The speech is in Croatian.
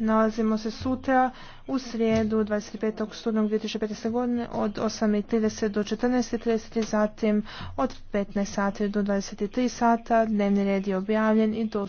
Nalazimo se sutra u srijedu 25. studnog 2015. godine od 8.30 do 14.30, zatim od 15 sati do 23 sata. Dnevni red je objavljen i dostupan.